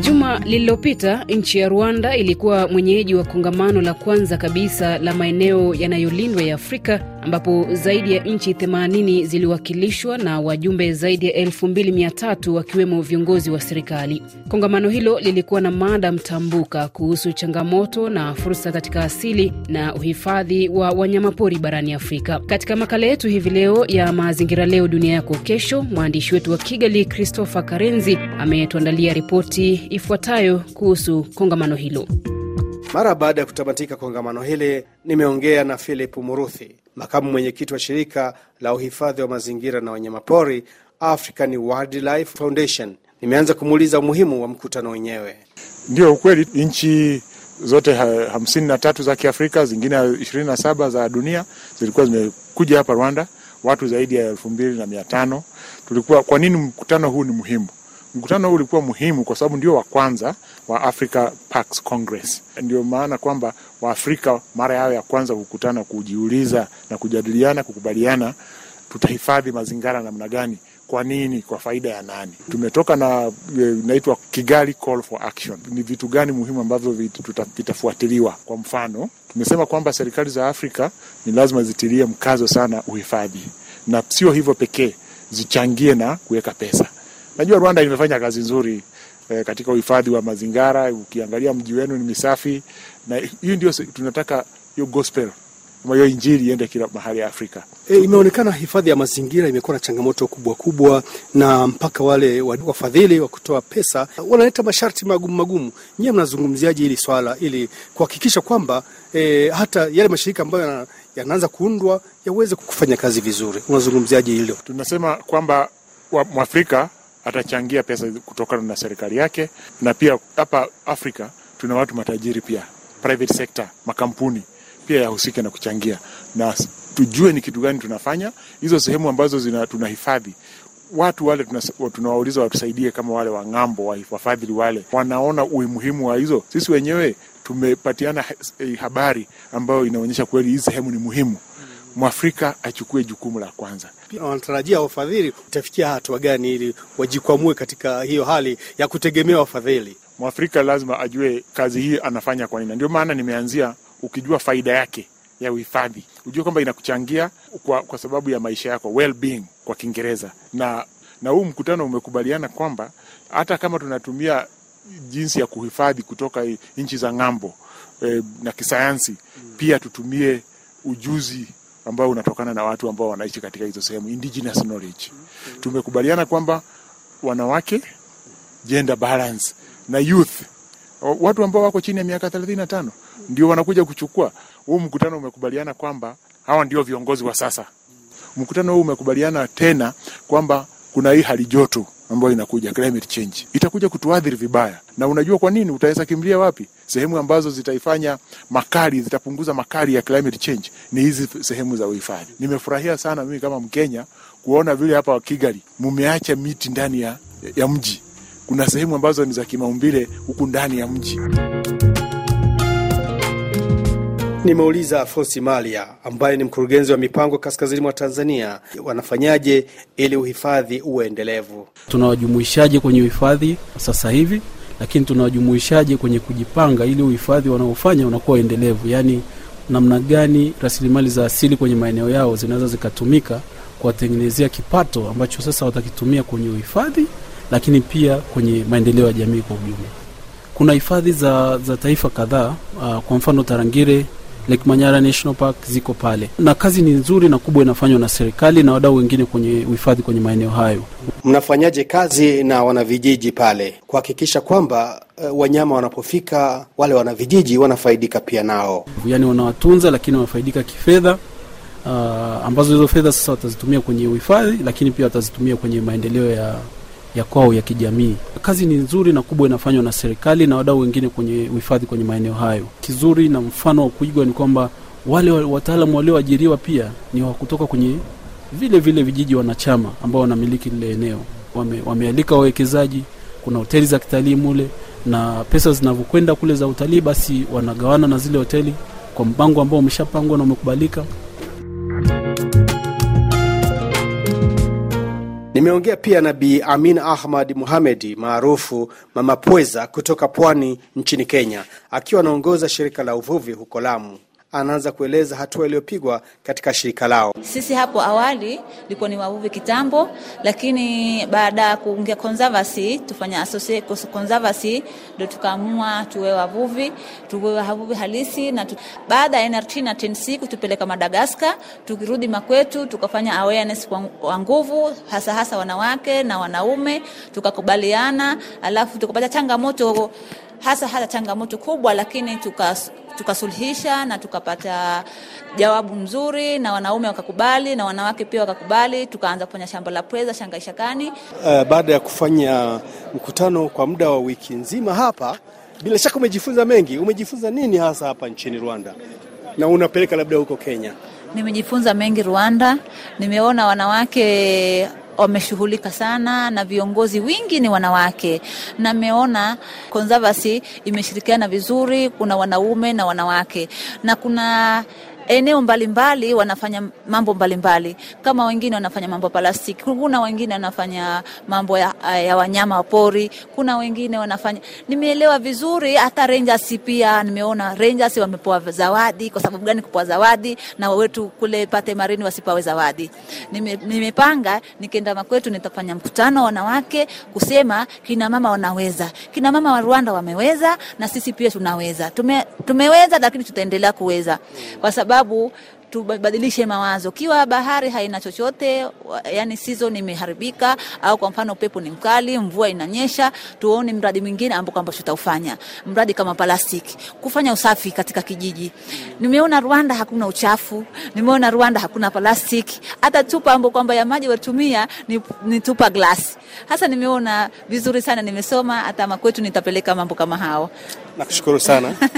Juma lililopita nchi ya Rwanda ilikuwa mwenyeji wa kongamano la kwanza kabisa la maeneo yanayolindwa ya Afrika ambapo zaidi ya nchi 80 ziliwakilishwa na wajumbe zaidi ya 2300 wakiwemo viongozi wa serikali. Kongamano hilo lilikuwa na mada mtambuka kuhusu changamoto na fursa katika asili na uhifadhi wa wanyamapori barani Afrika. Katika makala yetu hivi leo ya Mazingira Leo Dunia Yako Kesho, mwandishi wetu wa Kigali Christopher Karenzi ametuandalia ripoti ifuatayo kuhusu kongamano hilo. Mara baada ya kutamatika kongamano hili, nimeongea na Philip Muruthi, Makamu mwenyekiti wa shirika la uhifadhi wa mazingira na wanyamapori African Wildlife Foundation, nimeanza kumuuliza umuhimu wa mkutano wenyewe. Ndio ukweli, nchi zote hamsini na tatu za Kiafrika, zingine ishirini na saba za dunia zilikuwa zimekuja hapa Rwanda, watu zaidi ya elfu mbili na mia tano tulikuwa. Kwa nini mkutano huu ni muhimu? Mkutano huu ulikuwa muhimu kwa sababu ndio wa kwanza wa Africa Pax Congress. Ndio maana kwamba Waafrika mara yao ya kwanza kukutana, kujiuliza na kujadiliana, kukubaliana tutahifadhi mazingira namna gani, kwa nini, kwa faida ya nani. Tumetoka na e, inaitwa Kigali Call for Action. Ni vitu gani muhimu ambavyo vitafuatiliwa? Kwa mfano, tumesema kwamba serikali za Afrika ni lazima zitilie mkazo sana uhifadhi, na sio hivyo pekee, zichangie na kuweka pesa. Najua Rwanda imefanya kazi nzuri eh, katika uhifadhi wa mazingira. Ukiangalia mji wenu ni misafi, na hiyo ndio tunataka hiyo gospel hiyo injili iende kila mahali ya Afrika. E, imeonekana hifadhi ya mazingira imekuwa na changamoto kubwa kubwa, na mpaka wale wafadhili wa kutoa pesa wanaleta masharti magumu magumu. Nyie mnazungumziaje hili swala ili kuhakikisha kwamba e, hata yale mashirika ambayo yanaanza kuundwa yaweze kufanya kazi vizuri? Unazungumziaje hilo? Tunasema kwamba Mwafrika atachangia pesa kutokana na serikali yake. Na pia hapa Afrika tuna watu matajiri pia, private sector, makampuni pia yahusike na kuchangia, na tujue ni kitu gani tunafanya. Hizo sehemu ambazo zina, tunahifadhi watu wale tunawauliza watusaidie, kama wale wa ng'ambo, wafadhili wale wanaona umuhimu wa hizo. Sisi wenyewe tumepatiana habari ambayo inaonyesha kweli hii sehemu ni muhimu. Mwafrika achukue jukumu la kwanza. wanatarajia wafadhili utafikia hatua gani ili wajikwamue katika hiyo hali ya kutegemea wafadhili? Mwafrika lazima ajue kazi hii anafanya kwa nini, na ndio maana nimeanzia ukijua faida yake ya uhifadhi, ujue kwamba inakuchangia kwa, kwa sababu ya maisha yako well-being kwa Kiingereza. Na na huu mkutano umekubaliana kwamba hata kama tunatumia jinsi ya kuhifadhi kutoka nchi za ng'ambo eh, na kisayansi pia tutumie ujuzi ambao unatokana na watu ambao wanaishi katika hizo sehemu, indigenous knowledge. Tumekubaliana kwamba wanawake, gender balance na youth, watu ambao wako chini ya miaka 35 ndio wanakuja kuchukua. Huu mkutano umekubaliana kwamba hawa ndio viongozi wa sasa. Mkutano huu umekubaliana tena kwamba kuna hii hali joto ambayo inakuja climate change itakuja kutuathiri vibaya. Na unajua kwa nini? Utaweza kimbilia wapi? Sehemu ambazo zitaifanya makali, zitapunguza makali ya climate change ni hizi sehemu za uhifadhi. Nimefurahia sana mimi kama Mkenya kuona vile hapa Kigali mumeacha miti ndani ya, ya mji. Kuna sehemu ambazo ni za kimaumbile huku ndani ya mji. Nimeuliza Afonsi Malia ambaye ni mkurugenzi wa mipango kaskazini mwa Tanzania, wanafanyaje ili uhifadhi uwe endelevu? Tunawajumuishaje kwenye uhifadhi sasa hivi, lakini tunawajumuishaje kwenye kujipanga ili uhifadhi wanaofanya unakuwa endelevu, yaani namna gani rasilimali za asili kwenye maeneo yao zinaweza zikatumika kuwatengenezea kipato ambacho sasa watakitumia kwenye uhifadhi, lakini pia kwenye maendeleo ya jamii kwa ujumla. Kuna hifadhi za, za taifa kadhaa, uh, kwa mfano Tarangire lake Manyara National Park ziko pale, na kazi ni nzuri na kubwa inafanywa na serikali na wadau wengine kwenye uhifadhi kwenye maeneo hayo. Mnafanyaje kazi na wanavijiji pale kuhakikisha kwamba uh, wanyama wanapofika wale wanavijiji wanafaidika pia nao, yaani wanawatunza, lakini wanafaidika kifedha uh, ambazo hizo fedha sasa watazitumia kwenye uhifadhi, lakini pia watazitumia kwenye maendeleo ya ya kwao ya kijamii. Kazi ni nzuri na kubwa inafanywa na serikali na wadau wengine kwenye uhifadhi kwenye maeneo hayo. Kizuri na mfano wa kuigwa ni kwamba wale wataalamu walioajiriwa pia ni wa kutoka kwenye vile vile vijiji wanachama ambao wanamiliki lile eneo. Wame, wamealika wawekezaji, kuna hoteli za kitalii mule, na pesa zinavyokwenda kule za utalii, basi wanagawana na zile hoteli kwa mpango ambao umeshapangwa na umekubalika. Nimeongea pia na Bi Amin Ahmad Muhamedi maarufu Mama Pweza kutoka pwani nchini Kenya, akiwa anaongoza shirika la uvuvi huko Lamu anaanza kueleza hatua iliyopigwa katika shirika lao. Sisi hapo awali ilikuwa ni wavuvi kitambo, lakini baada ya kuingia conservancy, tufanya associate conservancy, ndio tukaamua tuwe wavuvi, tuwe wavuvi halisi. Na baada ya NRT na TNC kutupeleka Madagaskar, tukirudi makwetu tukafanya awareness kwa nguvu, hasa hasa wanawake na wanaume, tukakubaliana, alafu tukapata changamoto hasa hata changamoto kubwa, lakini tukas, tukasuluhisha na tukapata jawabu mzuri, na wanaume wakakubali na wanawake pia wakakubali, tukaanza kufanya shamba la pweza shangaishakani Uh, eh, baada ya kufanya mkutano kwa muda wa wiki nzima hapa, bila shaka umejifunza mengi. Umejifunza nini hasa hapa nchini Rwanda na unapeleka labda huko Kenya? Nimejifunza mengi Rwanda, nimeona wanawake wameshughulika sana na viongozi wingi ni wanawake, na meona Conservancy imeshirikiana vizuri, kuna wanaume na wanawake na kuna eneo mbalimbali mbali, wanafanya mambo mbalimbali mbali. Kama wengine wanafanya mambo ya plastiki, kuna wengine wanafanya mambo ya, ya wanyama pori, kuna wengine wanafanya. Nimeelewa vizuri hata Rangers pia nimeona Rangers wamepewa zawadi. Kwa sababu gani kupewa zawadi na wetu kule Pate Marini wasipawe zawadi? Nime, nimepanga nikienda makwetu nitafanya mkutano wanawake kusema kina mama wanaweza, kina mama wa Rwanda wameweza na sisi pia tunaweza. Tume, tumeweza lakini tutaendelea kuweza kwa sababu sababu tubadilishe mawazo. Kiwa bahari haina chochote, yani season imeharibika, au kwa mfano upepo ni mkali, mvua inanyesha, tuone mradi mwingine ambao kwamba tutaufanya, mradi kama plastiki, kufanya usafi katika kijiji. Nimeona Rwanda hakuna uchafu, nimeona Rwanda hakuna plastiki, hata chupa ambao kwamba ya maji watumia ni, ni tupa glasi. Hasa nimeona vizuri sana, nimesoma hata makwetu nitapeleka mambo kama hao. Nakushukuru sana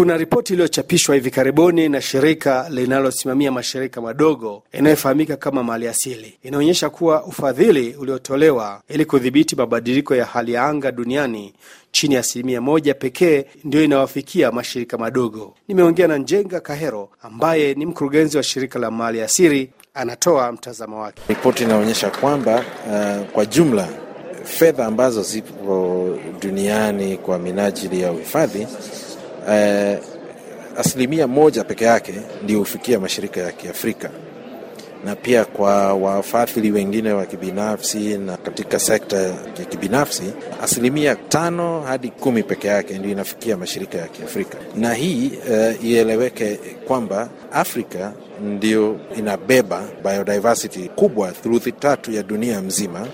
Kuna ripoti iliyochapishwa hivi karibuni na shirika linalosimamia mashirika madogo inayofahamika kama Mali Asili, inaonyesha kuwa ufadhili uliotolewa ili kudhibiti mabadiliko ya hali ya anga duniani chini ya asilimia moja pekee ndiyo inawafikia mashirika madogo. Nimeongea na Njenga Kahero ambaye ni mkurugenzi wa shirika la Mali Asili, anatoa mtazamo wake. Ripoti inaonyesha kwamba uh, kwa jumla fedha ambazo zipo duniani kwa minajili ya uhifadhi eh, asilimia moja peke yake ndio hufikia mashirika ya Kiafrika na pia kwa wafadhili wengine wa kibinafsi na katika sekta ya kibinafsi asilimia tano hadi kumi peke yake ndio inafikia mashirika ya Kiafrika. Na hii uh, ieleweke kwamba Afrika ndio inabeba biodiversity kubwa, thuluthi tatu ya dunia mzima.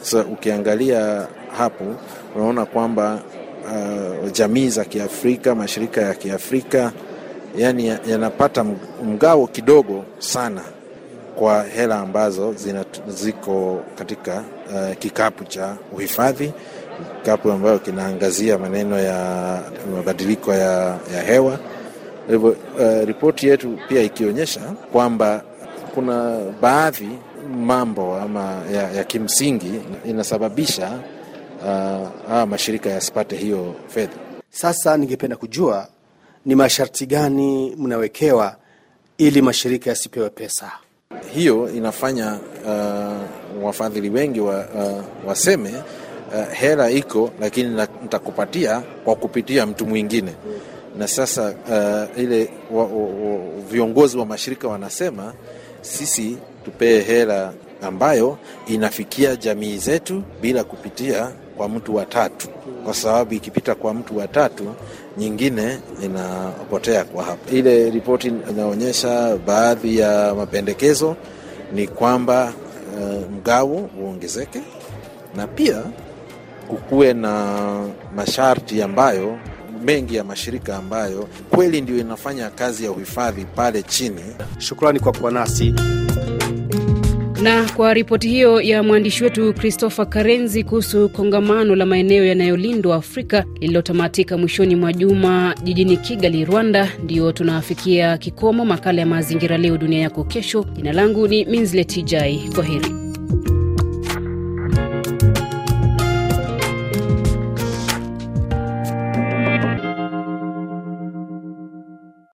Sasa so, ukiangalia hapo unaona kwamba uh, jamii za Kiafrika, mashirika ya Kiafrika yani yanapata mgao kidogo sana kwa hela ambazo zina, ziko katika uh, kikapu cha uhifadhi, kikapu ambayo kinaangazia maneno ya mabadiliko ya, ya hewa. Hivyo uh, ripoti yetu pia ikionyesha kwamba kuna baadhi mambo ama ya, ya kimsingi inasababisha haya uh, ah, mashirika yasipate hiyo fedha. Sasa ningependa kujua ni masharti gani mnawekewa ili mashirika yasipewe pesa? Hiyo inafanya uh, wafadhili wengi wa, uh, waseme uh, hela iko lakini nitakupatia kwa kupitia mtu mwingine. Na sasa uh, ile wa, wa, wa, viongozi wa mashirika wanasema sisi tupee hela ambayo inafikia jamii zetu bila kupitia kwa mtu wa tatu, kwa sababu ikipita kwa mtu wa tatu nyingine inapotea kwa hapa. Ile ripoti inaonyesha baadhi ya mapendekezo ni kwamba uh, mgao uongezeke na pia kukuwe na masharti ambayo mengi ya mashirika ambayo kweli ndio inafanya kazi ya uhifadhi pale chini. Shukrani kwa kuwa nasi. Na kwa ripoti hiyo ya mwandishi wetu Christopher Karenzi kuhusu kongamano la maeneo yanayolindwa Afrika lililotamatika mwishoni mwa juma jijini Kigali, Rwanda, ndiyo tunafikia kikomo makala ya mazingira leo dunia yako kesho. Jina langu ni Minzlet Jai, kwa heri.